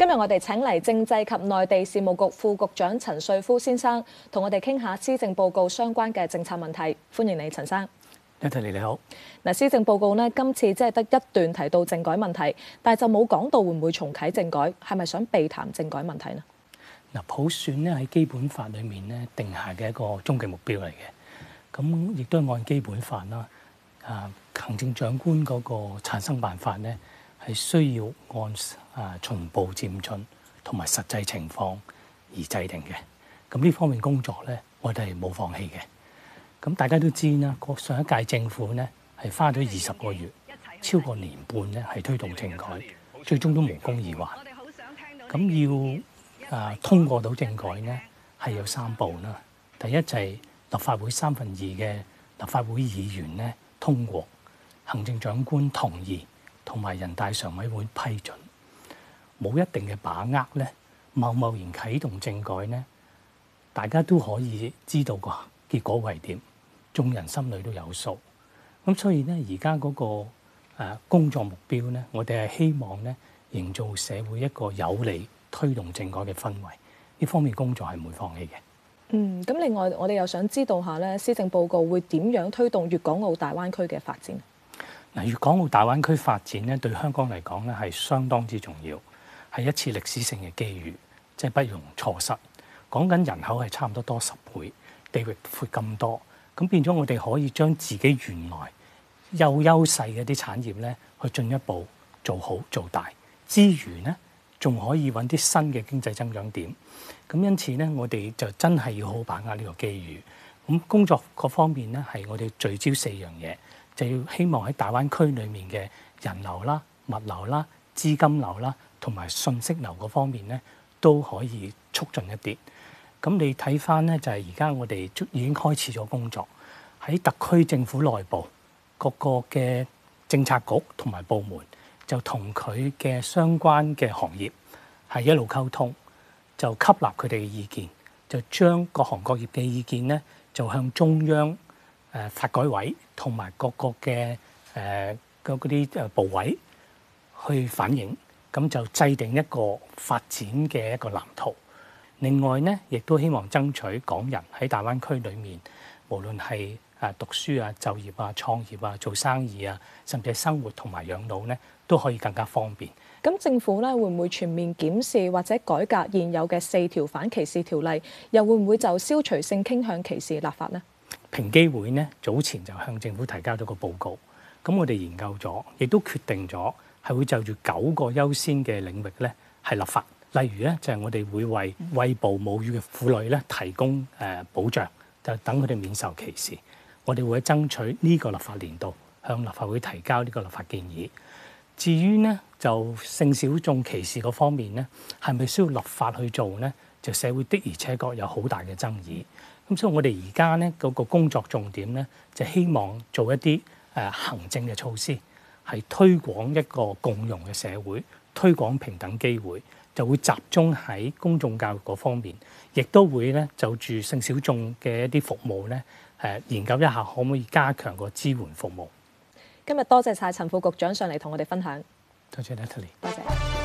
今日我哋請嚟政制及內地事務局副局長陳帥夫先生，同我哋傾下施政報告相關嘅政策問題。歡迎你，陳生。Anthony 你好。嗱，施政報告呢，今次即係得一段提到政改問題，但係就冇講到會唔會重啟政改，係咪想避談政改問題呢？嗱，普選呢，喺基本法裏面定下嘅一個終極目標嚟嘅，咁亦都係按基本法啦。啊，行政長官嗰個產生辦法呢。係需要按啊循序漸進同埋實際情況而制定嘅。咁呢方面工作呢，我哋係冇放棄嘅。咁大家都知啦，上一屆政府呢係花咗二十個月，超過年半呢係推動政改，最終都無功而還。咁要啊通過到政改呢，係有三步啦。第一就係立法會三分二嘅立法會議員呢，通過，行政長官同意。同埋人大常委會批准，冇一定嘅把握咧，貿貿然啟動政改咧，大家都可以知道個結果會係點，眾人心裏都有數。咁所以咧，而家嗰個誒工作目標咧，我哋係希望咧，營造社會一個有利推動政改嘅氛圍。呢方面工作係唔會放棄嘅。嗯，咁另外我哋又想知道下咧，施政報告會點樣推動粵港澳大灣區嘅發展？嗱，粵港澳大灣區發展咧，對香港嚟講咧，係相當之重要，係一次歷史性嘅機遇，即係不容錯失。講緊人口係差唔多多十倍，地域闊咁多，咁變咗我哋可以將自己原來又優優勢嘅啲產業咧，去進一步做好做大，之餘呢，仲可以揾啲新嘅經濟增長點，咁因此咧，我哋就真係要好把握呢個機遇。咁工作各方面咧，係我哋聚焦四樣嘢。就希望喺大灣區裏面嘅人流啦、物流啦、資金流啦，同埋信息流嗰方面咧，都可以促進一啲。咁你睇翻咧，就係而家我哋已經開始咗工作，喺特區政府內部各個嘅政策局同埋部門就同佢嘅相關嘅行業係一路溝通，就吸納佢哋嘅意見，就將各行各業嘅意見咧，就向中央。誒發改委同埋各個嘅誒個嗰啲誒部委去反映，咁就制定一個發展嘅一個藍圖。另外呢，亦都希望爭取港人喺大灣區裡面，無論係誒讀書啊、就業啊、創業啊、做生意啊，甚至生活同埋養老呢，都可以更加方便。咁政府呢會唔會全面檢視或者改革現有嘅四條反歧視條例？又會唔會就消除性傾向歧視立法呢？平機會呢，早前就向政府提交咗個報告，咁我哋研究咗，亦都決定咗係會就住九個優先嘅領域呢係立法，例如呢，就係我哋會為餵哺母乳嘅婦女呢提供誒保障，就等佢哋免受歧視。我哋會喺爭取呢個立法年度向立法會提交呢個立法建議。至於呢，就性小眾歧視嗰方面呢，係咪需要立法去做呢？就社會的而且確有好大嘅爭議。咁所以我，我哋而家呢嗰個工作重點呢，就希望做一啲誒、呃、行政嘅措施，係推廣一個共融嘅社會，推廣平等機會，就會集中喺公眾教育嗰方面，亦都會呢就住性小眾嘅一啲服務呢，誒、呃、研究一下，可唔可以加強個支援服務。今日多謝晒陳副局長上嚟同我哋分享。多謝，Natalie。多謝。